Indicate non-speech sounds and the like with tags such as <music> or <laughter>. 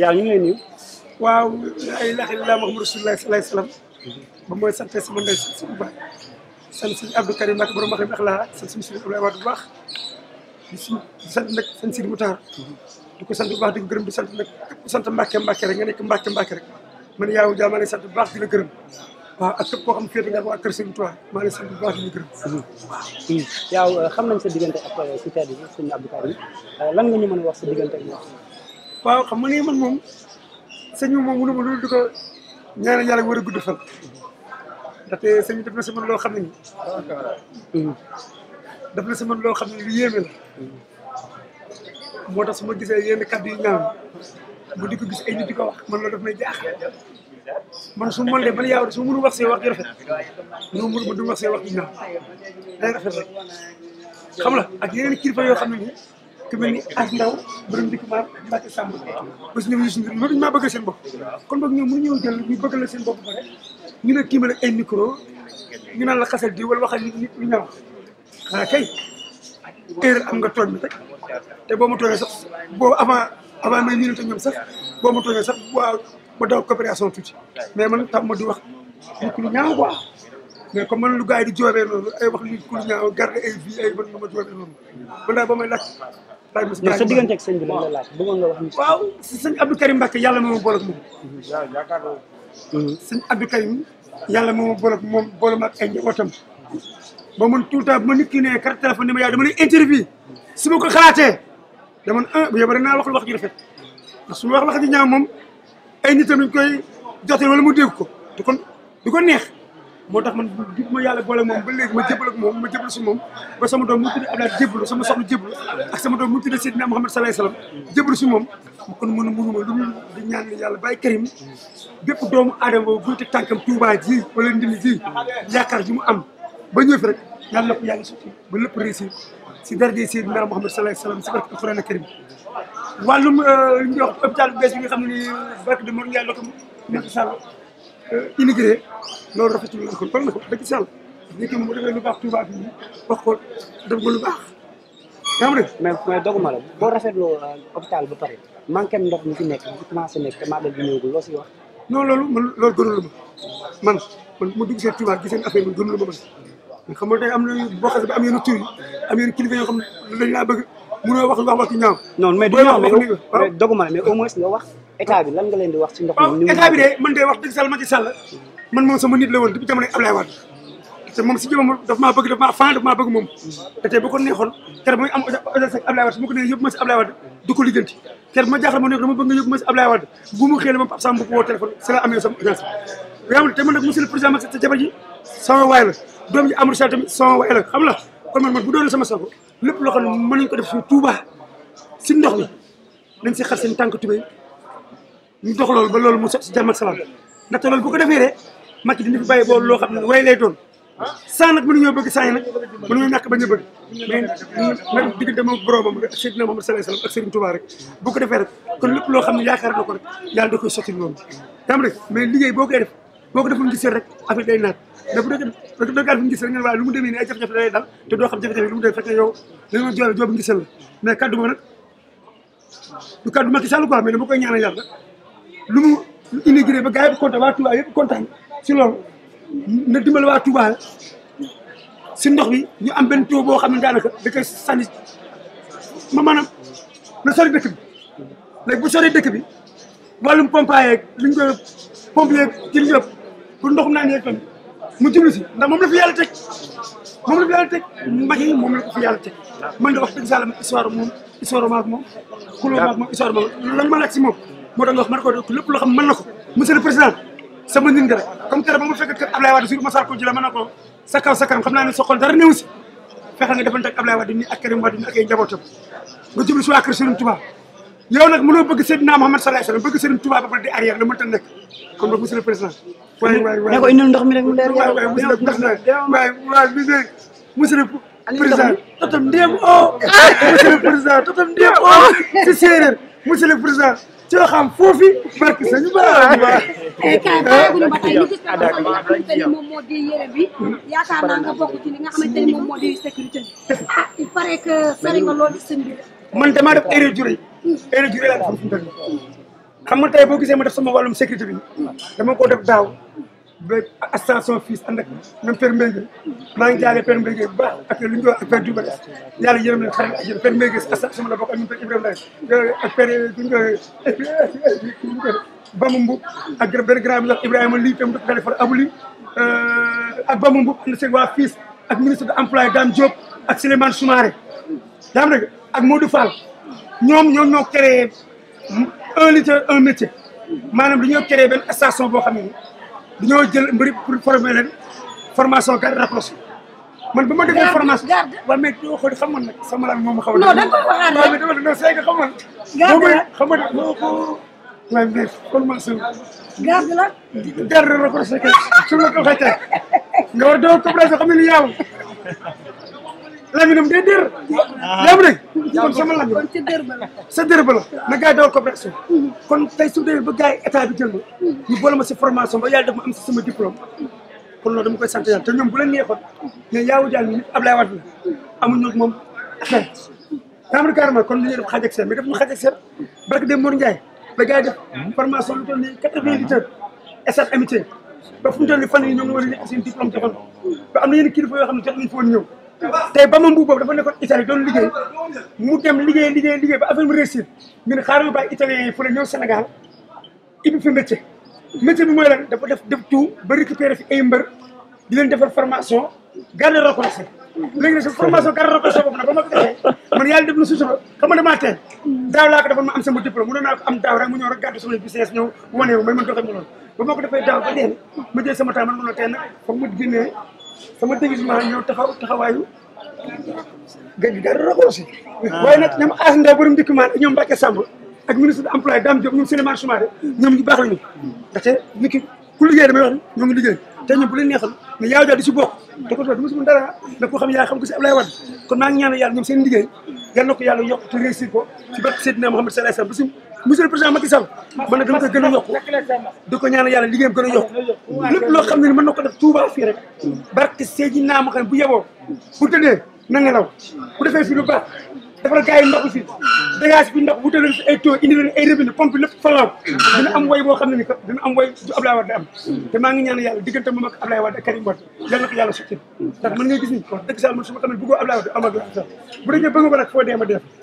yaa ñu ngi lay nuyu. waaw la ilaha illallah Muhammadu rasulullah sallallahu alayhi wasallam ba mooy sant sama ndey suñu baax sant suñu Abdou Karim Mbacké borom xam ak laa sant si Serigne Abdoulaye Wade bu baax di suñu di sant nag sëñ Sidi Moutar ko sant bu baax di ko gërëm di sant nag képp ku sant Mbacké Mbacké rek nga nekk Mbacké Mbacké rek man yaaw jaa maa sant bu baax di la gërëm waaw a képp koo xam féete nga waa kër Serigne Touba maa lay sant bu baax di gërëm yaaw xam nañ sa diggante ak citadi euh, suñu Abdou Karim euh, lan nga ñu mën a wax sa diggante ak waaw xam nga ni man moom sëñ moom mënu ma loolu di ko ñaanal yàlla war a gudd fan. ndaxte sëñ bi def na si loo xam ne nii. def na si man loo xam ne lu yéeme la. moo tax su ma gisee yenn kàddu yu ñaaw di ko gis ay nit di ko wax man loolu daf may jaax man su ma mënee man yaa su ma mënul wax see wax ju rafet non mënu ma du wax see wax ju ñaaw day rafet rek xam la ak yeneen kilifa yoo xam ne nii. ku mel ni ak ndaw borom dikk ma Mbacke Samb bés ñoom Youssou Ndour mënuñ bëgg seen bopp kon boog ñoom mënuñoo jël ñu bëgg la seen bopp ba rek ñu ne kii ma ay micro ñu naan la xasal di wala waxal nit ñi ñaaw xanaa kay am nga tooñ bi rek te boo ma tooñee sax boo avant avant may ñu te sax boo ma tooñee sax waaw ba daw coopération tuuti mais man tam ma di wax nit ku ñaaw quoi mais comme man lu gars yi di joobee noonu ay wax nit ku ñaaw garde ba may laaj sa diggante ak sëñ bi lan la laaj bëggoon nga wax ñu waaw sëñ Abdou Karim Mbacke yàlla moo ma boole ak moom mm-hmm. sëñ Abdou Karim yàlla moo ma boole ak moom boole ma ak ay njabootam ba man tout le temps bu ma nit ki ne carte téléphone ni ma yaay dama lay interview su ma ko xalaatee dama ah bu yóbbu rek naa wax lu wax ji rafet ndax su ma wax wax ji ñaaw moom ay nitam dañ koy joxe wala mu dégg ko du kon du ko neex moo tax man di ma yàlla boole moom ba léegi ma jébal ak moom ma jébal si moom ba sama doom mu tudd Abdoulaye jébal sama soxna jébal ak sama doom mu tudd Seydina Mouhamed sallallahu alayhi wasallam jébal si moom kon mën a mënuma lu mu di ñaan yàlla bàyyi Karim bépp doomu aadama boobu buñu teg tànkam Touba ji wala Ndindi ji yaakaar ji mu am ba ñëw fi rek yàlla na ko yàlla sotti ba lépp réussir si darajay Seydina Mouhamed sallallahu alayhi wasallam si barke Alxuraan Karim wàllum euh, li ñuy wax hôpital bu bees bi nga xam ne barke de Mor Ndiaye la ko nekk Sall immigré loolu rafetul woon kon kon na ko dëgg si yàlla nit mu defee lu baax Touba bi wax ko def nga lu baax. yaa ngi dégg. mais mais doguma la boo rafetloo euh, hôpital ba pare manqué ndox mi fi nekk mu commencé nekk te màggal loo si wax. non loolu man loolu gënul ma man man mu dugg seen Touba gi seen affaire man gënul ma man xam nga tey am na boo xasee ba am yenn tur yi am yenn kilifa yoo xam ne dañ laa bëgg mënoo wax wax wax ci ñaaw. non mais du ñaaw mais doguma la mais au moins nga wax. état bi lan nga leen di wax ci ndox mi. état bi nit la woon depuis jamono Abdoulaye Wade te moom si jëmmam daf maa bëgg moom ko neexoon keroog mooy ma ko nee yóbbu ma si Abdoulaye Wade ma jaaxal lépp loo ne mën nañu ko def suñu Touba si ndox mi nañ si xar seen tànk tubéy ñu dox loolu ba loolu mu si jàmm ak salaam ndaxte loolu bu ko defee de Macky dina fi bàyyi boobu loo xam ne way lay doon sans nag mënuñoo bëgg saa yi nag mënuñoo ñàkk bañ a bëgg mais nag diggante moom boroomam ak Seydina Muhammad sallallahu alayhi wasallam ak Serigne Touba rek bu ko defee rek kon lépp loo xam ne yaakaar na ko rek yàlla da koy sotti moom tam rek mais liggéey boo koy def boo ko deful gis rek affaire day naat da bu dee da nga gis rek ngeen waaye lu mu demee nii ay jafe-jafe lay dal te doo xam jafe-jafe lu mu demee fekk yow da nga joobe joobu ngisal la mais kaddu ma nag du kaddu Macky Sall quoi mais dama koy ñaanal yàlla lu mu inauguré ba gars yi bu kontaan waa Touba kontaan si loolu na dimbali waa Touba si ndox bi ñu am benn tuyau boo xam ne daanaka da koy sànni ma maanaam na sori dëkk bi léegi bu sori dëkk bi wàllum pompage yeeg li ñu koy pompier ci li yëpp pour ndoxum naan yeeg tamit mu jublu si ndax moom la fi yàlla teg moom la fi yàlla teg mag yi moom la ko fi yàlla teg man nga wax dëgg sàlla histoire moom histoire moom xuloo maag moom moom moo tax nga wax man ko lépp loo xam mën na ko monsieur le président sama nit nga rek comme keroog ba ma fekk kër Ablaye Wade suñu masar ko ji la mën na ko sa kaw sa kanam xam naa ne soxal dara néew si fexe nga defante ak Ablaye Wade ni ak Karim Wade ni ak ay njabootam nga jublu si waa kër Serigne Touba yow nag mënoo bëgg Seydina Mouhamed sallallahu alayhi wasallam bëgg Serigne Touba ba pare di arrière la mënta nekk kon donc monsieur le président waay waay waay ne ko indil ndox mi rek mu leer waay waay monsieur le président waay waay monsieur le président totam ndéem o oh. <laughs> monsieur le président totam ndéem o si séeréer monsieur le président coo xam foofu barke sañu baax kay bàyyeeguñu ba tey ñu gis nga xam nga xamante ni moom moo di yére bi yaakaar naa nga bokk ci li nga xamante ni moom moo di sécurité bi ah il paraît que sori nga loolu sëñ bi man damaa def erreur juré erreur juré laa def xam nga tey boo gisee ma def sama wàllum sécurité bi dama ko def daaw ba station fils maa ngi jaale Père Mbengue bu baax ñu doon ak Père Diouf yàlla yërëm leen xarit ak yéen Père Mbengue station la bokk ak ñun Père Ibrahima ak Père duñ ko Bamumbu ak benn grand bi Ibrahima lii tam dafa defar abuli ak Bamumbu ànd seen waa fils ak ministre de l'emploi Dame Diop ak Souleymane Soumaré yaa ngi ak Modou Fall ñoom ñoom ñoo créé un litre un métier maanaam dañoo créé benn station boo xam dañoo jël mbir pour former leen formation garde rapprochée man bu ma defee formation garde waaw mais doo ko xamoon nag sama lan moom xaw non da nga ko waxaat rek dama non c'est que xamoon garde la xamoon moo ko waaye mais formation garde la garde rapprochée nga war doo comprendre xam laminam day dër. yaa ngi dégg kon sama a sa dër ba la na gars yi dawal coopération. Mm-hmm. kon tey su demee ba gars yi état bi jël ma ñu boole ma si formation ba yàlla def ma am si sama diplôme. kon loolu dama koy sant yàlla te ñoom bu leen neexoon ne yaawu jaal mi nit Ablaye Wade la amuñu moom affaire. daanaka carrément kon li ñuy def xaaj ak seen mais daf ñu xaaj ak seen barke de Mor Ndiaye la gars yi def formation lu toll nii quatre-vingt-dix ah. heures état amitié ba fu mu nii ñoom ñu a nekk seen yoo xam ne jot nañu fa woon tey ba ma mbuub boobu dafa nekkoon Italie doon liggéey mu dem liggéey liggéey liggéey ba affaire mu réussir ñun ba italien yi fu Sénégal ibi fi métier métier bi mooy lan dafa def def tout ba récupérer fi ay mbër di leen defal formation garde rapproché léegi nag sa formation garde rapproché boobu nag ba ma ko defee daaw laa ko defoon sama diplôme mënoon naa ko am mu génnee sama déguisement ñëw taxaw taxawaayu gëj dara raccourci waaye nag ñoom As Ndaw borom document ak ñoom Mbacke Samb ak ministre de l'emploi Dame Diop ñoom Souleymane Soumaré ñoom ñu baax lañu ndaxte nit ki ku liggéey damay wax ñoo ngi liggéey te ñoom bu leen na ne yaaw jaa di si xam yaa xam ko si Ablaye Wade kon maa ngi ñaanal yàlla ñoom seen liggéey yal na ko yàlla yokk te réussir ko si barke Seydina Mouhamed sallallahu alayhi wasallam monsieur le président Macky Sall man nag gën a yokku di ko ñaanal yàlla liggéeyam gën a yokku lépp loo xam ne mën na ko def Touba fii rek barke Seydina Muhammad bu yeboo bu tëddee na law bu defee fii lu baax defal gars yi ndox bi ndox bu tëddee fi ay taux indi leen ay robinet pompe lépp fa law dina am xam ne ni que dina am am ngi ñaanal yàlla diggante moom ak Ablaye Wade ak Karim Wade yàlla ma xamee bëggoo Ablaye Wade bu dee bëgg dee